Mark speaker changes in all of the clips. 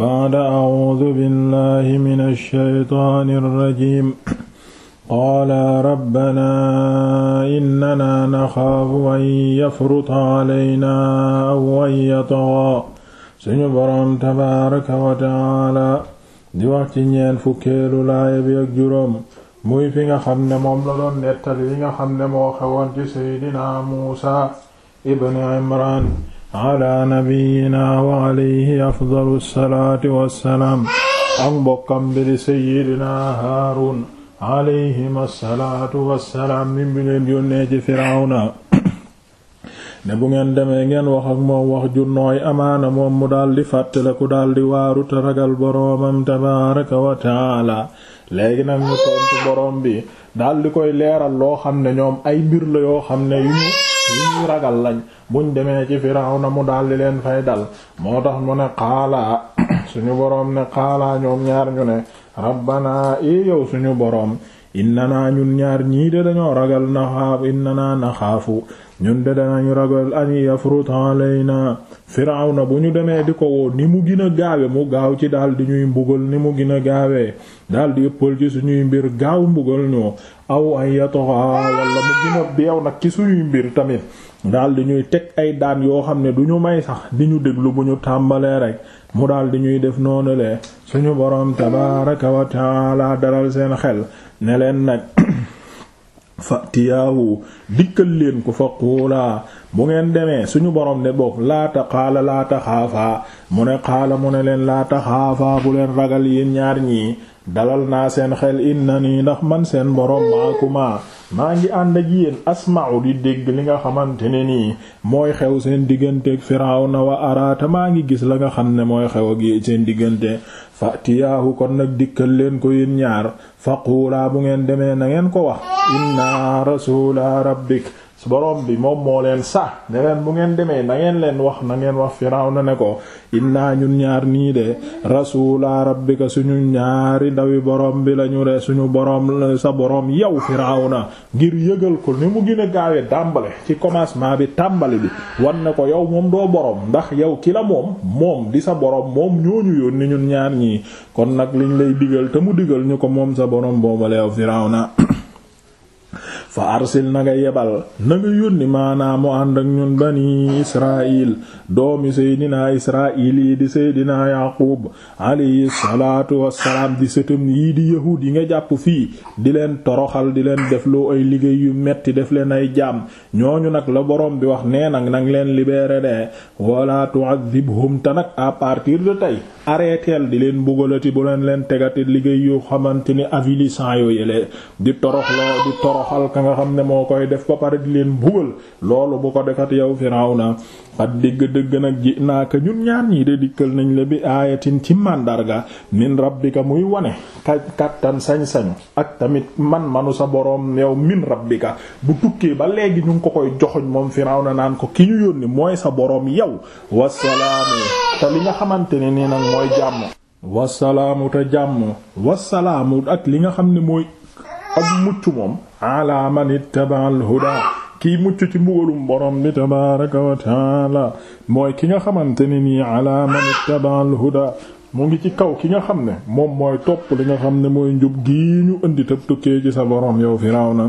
Speaker 1: ba'da a'uudu billahi mina shaytaani rajiim qaala rabbanaa innanaa naxaafu an yafruta calaynaa aw an yatghaa suñu boroom tabaaraka wa tacaala di wax ci ñeen fukkeelu laaya bi ak juróom muy fi nga xam ne moom la doon nettali li nga xam ne moo xewoon ci seydinaa Muusaa ibn Imraan ala nabiyyina wa alayhi afdalu salaati wassalaam ak mbokkam bi di sayyidina Haarun alayhim assalaatu wassalaam mi bi leen yónnee ci Firawna ne bu ngeen demee ngeen wax ak moom wax ju nooy amaana moom mu daldi fàttale ku daldi waaru ragal boroomam tabaaraka wa taala léegi nag ñu tontu boroom bi daldi koy leeral loo xam ne ñoom ay mbir la yoo xam ne yu li ñuy ragal lañ buñ demee ci na mu daldi leen fay dal moo tax mu ne xaalaa suñu boroom ne xaalaa ñoom ñaar ñu ne rabbana i yow suñu boroom inna naa ñun ñaar ñii de dañoo ragal naxaaf inna naa naxaafu ñun de danañu ragal an yafruta alayna firawna bu ñu demee di ko woo ni mu gën a gaawe mu gaaw ci daal di ñuy mbugal ni mu gën a gaawee daal di ëppal ci suñuy mbir gaaw mbugal ñoo aw an yataxa walla mu gën beew nag ci suñuy mbir tamit daal di ñuy teg ay daan yoo xam ne du ñu may sax di ñu déglu bu ñu tàmbalee rek mu daal di ñuy def noonu le suñu boroom tabaaraka wa taala dalal seen xel ne leen nag fatiyaahu dikkal leen ko fa quulaa bu ngeen demee suñu borom ne bokk laata xaala laata xaafaa mu ne xaala mu ne leen laata xaafaa bu leen ragal yéen ñaar ñii dalal naa seen xel inna nii ndax man seen borom maakuma maa ngi ànd ak yéen asma'u di dégg li nga xamante ne nii mooy xew seen digganteeg Firawna wa araata maa ngi gis la nga xam ne mooy xew ak seen diggante fatiyaahu kon nag dikkal leen ko yéen ñaar faquulaa bu ngeen demee na ngeen ko wax inna rasuula rabbik borom bi moom moo leen sax ne leen bu ngeen demee nangeen leen wax na ngeen wax Firawna ne ko innaa ñun ñaar nii de rasuula rabbika suñu ñaari ndawi borom bi lañu de suñu borom sa borom yow Firawna ngir yëgal ko ni mu gën a gaawee dàmbale ci commencement bi tàmbali bi wan ne ko yow moom doo borom ndax yow ki la moom moom di sa borom moom ñooñu yónni ñun ñaar ñii kon nag liñ lay digal te mu digal ñu ko moom sa borom boobale yow Firawna fa arsil na nga yebal na nga yónni maanaa ànd ak ñun bani israil doomi seydinaa israil yi di seydinaa yaqub alayhi salaatu wassalaam di sëtam yii di yahud yi nga jàpp fii di leen toroxal di leen def loo ay liggéey yu metti def leen ay jaam ñooñu nag la borom bi wax nee nag nang leen libéré de wala tu'adhibhum te nag à partir de tey arrêteel di leen mbugalati bu leen leen tegati liggéey yoo xamante ni avilissant yooyulee di torox la di toroxal ka nga xam ne moo koy def ba pare di leen mbugal loolu bu ko defat yow Firawna xat digg dëgg nag ji naaka ñun ñaan ñi de dikkal nañ la bi aayatin ci màndarga min rabbika muy wane ka sañ sañ ak tamit man-manu sa boroom yow min rabbika bu tukkee ba léegi ñu ngi ko koy joxoñ moom Firawna naan ko ki ñu yónni mooy sa boroom yow wasalaamu te li nga xamante ne nii nag mooy jàmm wasalaamu jàmm wasalaamu ak li nga xam ni mooy ak mucc moom ala man ki huda kiy mucc ci mbugalum borom bi tabaraka mooy ki nga xamante ni nii ala man ittaba'al mu ngi ci kaw ki nga xam ne moom mooy topp li nga xam ne mooy njub gii ñu indi tab tukkee ci sa borom yow Firawna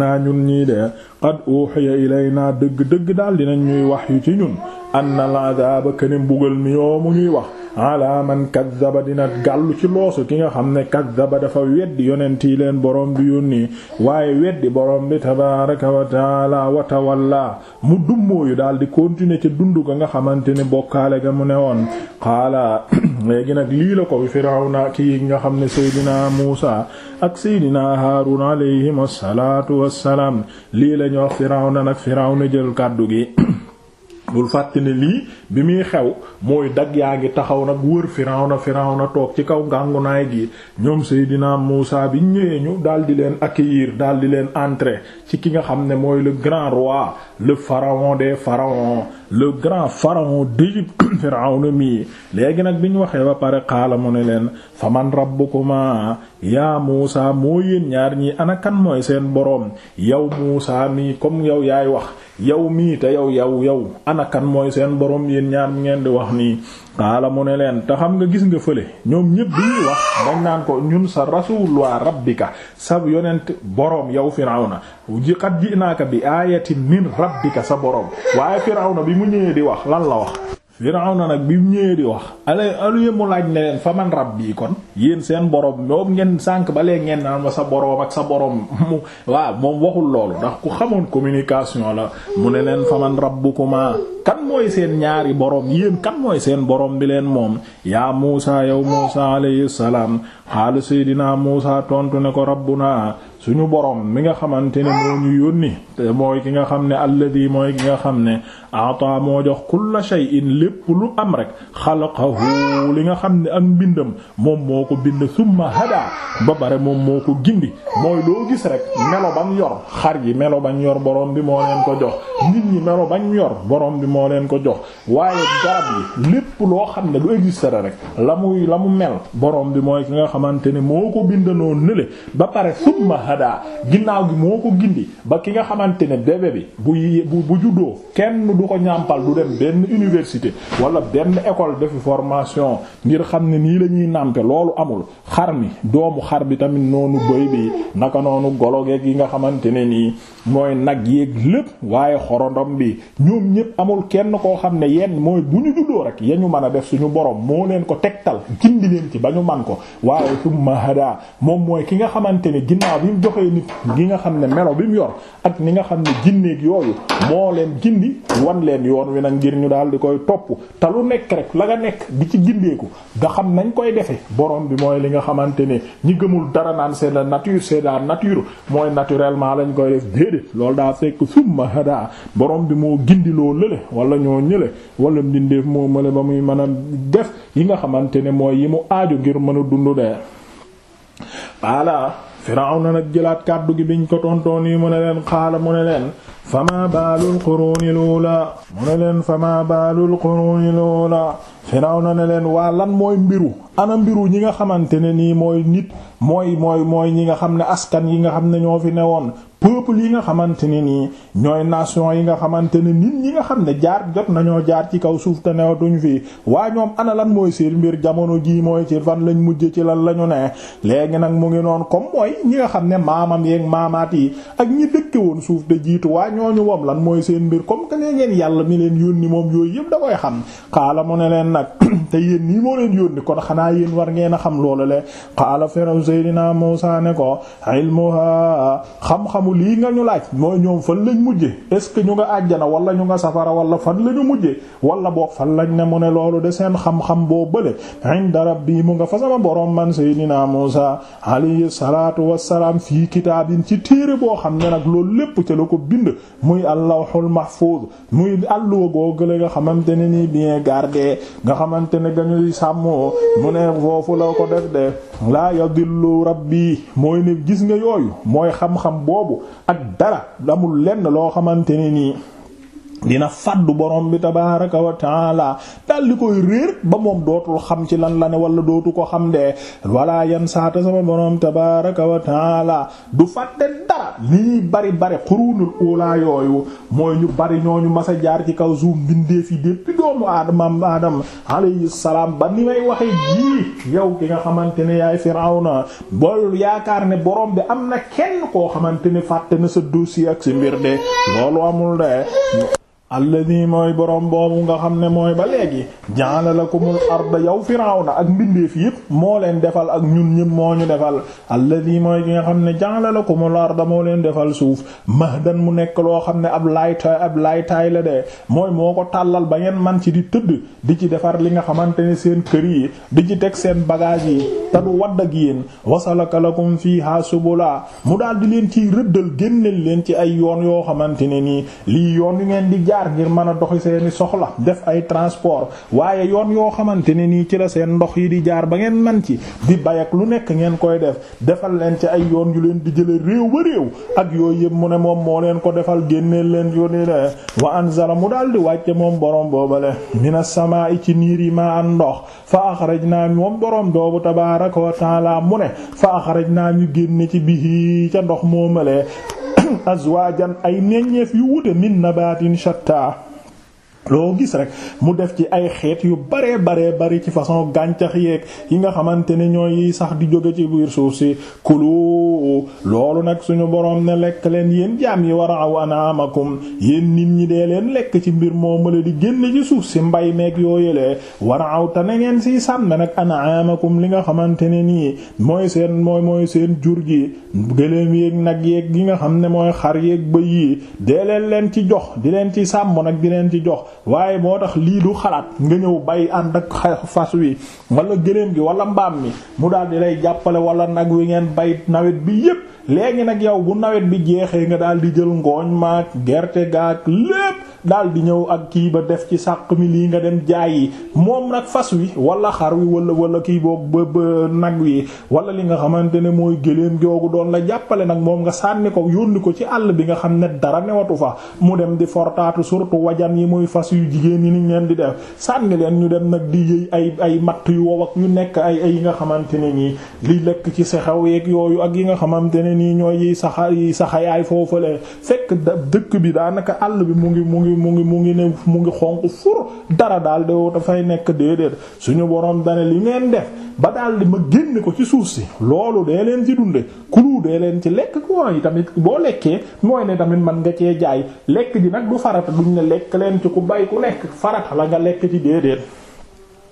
Speaker 1: naa ñun ñii de qad uhiya naa dëgg dëgg daal dinañ ñuy wax yu ci ñun anna al-'adaaba kene mbugal mi yoo mu ñuy wax ala man kaddaba dina gàllu ci loosu ki nga xam ne kaddaba dafa weddi yonent yi leen boroom bi yónni waaye weddi borom bi tabaaraka wa taala wa tawalla mu dummóoyu daal di continuer ca dund ga nga xamante ne bokkaale ga mu ne woon xaala léegi nag lii la ko Firawna kii nga xam ne Seydina Muusa ak Seydina Haarun alayhim assalaatu wassalaam lii la ñu wax Firawna nag Firawna jël kàddu gi bul fàtte ne lii bi muy xew mooy dagg yaa ngi taxaw nag wër Firawna Firawna toog ci kaw ngàngunaay gi ñoom dinaa Muusa bi ñëwee ñu daal di leen accueillir daal di leen entrer ci ki nga xam ne mooy le grand roi le pharaon des pharaons le grand pharaon d'Égypte Firawna mii léegi nag bi ñu waxee ba pare xaala mu ne leen faman rabbukuma yaa Muusa moo yéen ñaar ñii anakan mooy seen boroom yow Muusa mii comme yow yaay wax yow mii te yow yow yow anakan mooy seen borom yéen ñaar mi ngeen di wax nii xaala mu ne leen te xam nga gis nga fële ñoom ñépp bi wax dañ naan ko ñun sa rasul wa rabbika sa yonent boroom yow firawna ji xat ji naaka bi aayatin min rabbika sa boroom waaye firawna bi mu ñëwee di wax lan la wax na nag bi mu ñëwee di wax ale aluye mu laaj ne leen fa man rabbi kon yéen seen borom boobu ngeen sànq ba léegi ngeen naan ma sa borom ak sa boroom mu waaw moom waxul loolu ndax ku xamoon communication la mu ne leen fa man rabbukuma kan mooy seen ñaari borom yéen kan mooy seen boroom bi leen moom yaa Muusa yow Muusa alayhi salaam xaalu seydinaa Muusa tontu ne ko rabbu rabbuna suñu borom mi nga xamante ne moo ñu yónni te mooy ki nga xam ne alladi mooy ki nga xam ne ata moo jox kulla shay'in lépp lu am rek xalaqahu li nga xam ne ak mbindam moom moo ko bind summa hada ba bare moom moo ko gindi mooy loo gis rek melo bañ yor xar yi melo bañ yor borom bi moo leen ko jox nit ñi melo bañ yor borom moo leen ko jox waaye garab yi lépp loo xam ne lu existé rek la muy la mu mel borom bi mooy ki nga xamante ne moo ko bindanoo nële ba pare summa hada ginnaaw gi moo ko gindi ba ki nga xamante ne bébé bi bu bu juddoo kenn du ko ñàmpal du dem benn université wala benn école defi formation ngir xam ne nii lañuy ñuy nàmpe loolu amul xar mi doomu xar bi tamit noonu bëy bi naka noonu golo geeg nga xamante ne nii mooy nag yéeg lépp waaye xorondom bi ñoom ñépp amul kenn koo xam ne yenn mooy bu ñu juddoo rek ya ñu mën a def suñu borom moo leen ko tegtal gindi leen ci ba ñu man ko waaye summa hada moom mooy ki nga xamante ne ginnaaw bi mu nit gi nga xam ne melo bi mu yor ak ni nga xam ne ginneeg yooyu moo leen jindi wan leen yoon wi nag ngir ñu daal di koy topp te lu nekk rek la nga nekk di ci gindeeku nga xam nañ koy defee borom bi mooy li nga xamante ne ñi gëmul dara naan c'est la nature c'est la nature mooy naturellement lañ koy def lool loolu daa fekk summa hada borom bi moo gindiloo lële wala ñoo ñële wala mbindeef moo mële ba muy mën def yi nga xamante ne mooy yi mu aajo ngir mën a dund dee xaala nag jëlaat kàddu gi biñ ko tontoon yi mu ne leen xaala leen fama baalul qurunil ula mu ne leen fama lan mooy mbiru ana mbiru ñi nga xamante ne nii mooy nit mooy mooy mooy ñi nga xam ne askan yi nga xam ne ñoo fi newoon peuple yi nga xamante ne nii ñooy nation yi nga xamante ne nit ñi nga xam ne jaar jot nañoo jaar ci kaw suuf te newatuñ fii waa ñoom ana lan mooy seen mbir jamono jii mooy ci fan lañ mujj ci lan la ñu ne léegi nag mu ngi noonu comme mooy ñi nga xam ne maamam yeeg maamaat yi ak ñi dëkke woon suuf de jiitu waa ñoo ñu wom lan mooy seen mbir comme que nee ngeen yàlla mi leen yónni moom yooyu yëpp da koy xam xaala mu ne leen nag te yéen nii moo leen yónni xanaa yéen war ngeen a xam loolu le xaala Firawna Seydina ne ko ilmuha bu lii nga ñu laaj mooy ñoom fan lañ mujje est ce que ñu nga àjjana wala ñu nga safara wala fan lañu ñu mujje wala boo fan lañ ne mu ne loolu de seen xam-xam boo bële inda rabbi mu nga fa sama borom man seydina Musa alayhi salaatu wassalaam fii kitaabin ci téere boo xam ne nag loolu lépp ca ko bind muy allahul mahfuz muy àlluwa googale nga xamante ne nii bien gardé nga xamante ne gañuy sàmmoo mu ne foofu la ko def de laa yadillu rabbi mooy ne gis nga yooyu mooy xam-xam boobu ak dara amul lenn loo xamante ne nii dina fàddu borom bi tabaaraka wa taala dal di koy réer ba moom dootul xam ci lan la ne wala dootu ko xam de walla yan saata sama borom tabaaraka wa taala du fàtte dara lii bari bari xurunul ula yooyu mooy ñu bari ñooñu masa jaar ci kaw suuf mbindeef fi depuis doomu aadamam aadam alayhi salaam ba ni may waxe jii yow ki nga xamante ne yaay Firawna bool yaakaar ne borom bi am na kenn koo xamante ne fàtte na sa dossier ak si mbir de loolu amul de alladi mooy borom boobu nga xam ne mooy ba léegi la lakumul arda yow na ak mbindeef yëpp moo leen defal ak ñun ñëpp moo ñu defal alladi mooy gi nga xam ne ja'ala lakumul arda moo leen defal suuf mahdan mu nekk loo xam ne ab laytaay ab laytaay la de mooy moo ko tàllal ba ngeen man ci di tëdd di ci defar li nga xamante ne seen kër yi di ci teg seen bagage yi te du wadd ak yéen wasalaka lakum fiha subula mu daal di leen ciy rëddal génneel leen ci ay yoon yoo xamante ne nii lii yoon yu ngeen di jaar ngir mën a doxi seeni soxla def ay transport waaye yoon yoo xamante ne nii ci la seen ndox yi di jaar ba ngeen man ci di bay ak lu nekk ngeen koy def defal leen ci ay yoon yu leen di jële réew ba réew ak yooyu yëpp mu ne moom moo leen ko defal génneel leen yónni leen wa anzala mu daal di wàcce moom borom boobale mina samaa'i ci niir yi ma ndox tabaaraka wa taala mu ne fa axrajnaa ñu génne ci bihi ca ndox moo male azwaajan ay meññeef yu wute min nabaatin loo gis rek mu def ci ay xeet yu baree baree bari ci façon gàncax yeeg yi nga xamante ne ñooy sax di jóge ci biir suuf si kulu loolu nag suñu borom ne lekk leen yéen jaam yi war a aw anaamakum yéen nit ñi dee leen lekk ci mbir moo mala di génn ci suuf si mbay meeg yoo yëlee war a aw te na ngeen siy sàmm nag anaamakum li nga xamante ne nii mooy seen mooy mooy seen jur gi gëléem yéeg nag yéeg yi nga xam ne mooy xar yéeg bëy yi dee leen leen ci jox di leen ci sàmm nag di jox waaye moo tax lii du xalaat nga ñëw bay ànd ak fas wi wala gëléem gi wala mbaam mi mu daal di lay jàppale wala nag wi ngeen bay nawet bi yépp léegi nag yow bu nawet bi jeexee nga daal di jël ngooñ maak gerte gaak lépp daal di ñëw ak kii ba def ci sàq mi lii nga dem jaay yi moom nag fas wi wala xar wi wala wala kii boobu ba nag wi wala li nga xamante ne mooy gëléem joogu doon la jàppale nag moom nga sànni ko yónni ko ci àll bi nga xam ne dara newatu fa mu dem di fortaatu surtout wajan yi muy fas yu jigéen yi niñ leen di def sànni leen ñu dem nag di yëy ay ay matt yu wow ak yu nekk ay ay yi nga xamante ne nii li lekk ci sexew yeeg yooyu ak yi nga xamante ne nii ñooy yi saxa yi saxayaay foofu la fekk dëkk bi daanaka àll bi mu ngi mu ngi mu ngi mu ngi ne mu ngi xonq fur dara daal de dafay nekk déedéet suñu borom dane li ngeen def ba daal di ma génn ko ci suuf si loolu dee leen ci dunde kulu dee leen ci lekk ko yi tamit boo lekkee mooy ne tamit man nga cee jaay lekk ji nag du farata duñ ne lekk leen ci ku bay ku nekk farata la nga lekk ci déedéet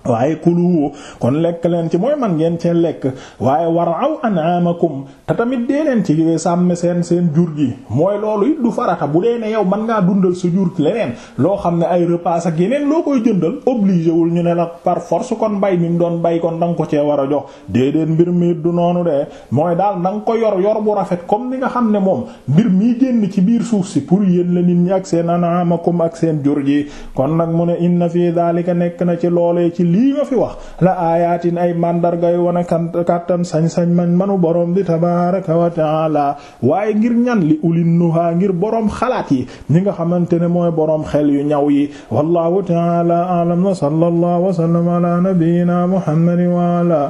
Speaker 1: waaye kuluhu kon lekk leen ci mooy man ngeen cee lekk waaye war aw an'amakum te tamit dee leen ci sàmm seen seen jur gi mooy loolu it du farata bu dee ne yow man ngaa dundal sa jur leneen loo xam ne ay repas ak loo koy jëndal obligé wul ñu ne la par force kon bay mi mu doon bay kon da ko cee war a jox déedéet mbir mi du noonu de mooy daal da nga ko yor yor bu rafet comme ni nga xam ne moom mbir mii génn ci biir suuf si pour yéen la nit ñi ak seen an'amakum ak seen jur gi kon nag mu ne nekk ci loolee ci lii nga fi wax la aayaatin ay màndarga yu wane kàttan sañ-sañ man manu borom di tabaaraka wa taala waaye ngir ñan li ulin nuha ngir borom xalaat yi ñi nga xamante ne mooy borom xel yu ñaw yi taala a'lam wa sallallahu wa sallama ala nabiyyina muhammadin wa ala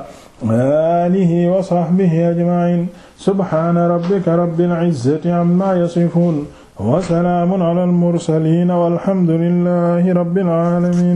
Speaker 1: alihi wa sahbihi ajma'in subhana rabbika rabbil izzati amma yasifun wa salaamun ala al mursalin walhamdulillahi rabbil alamin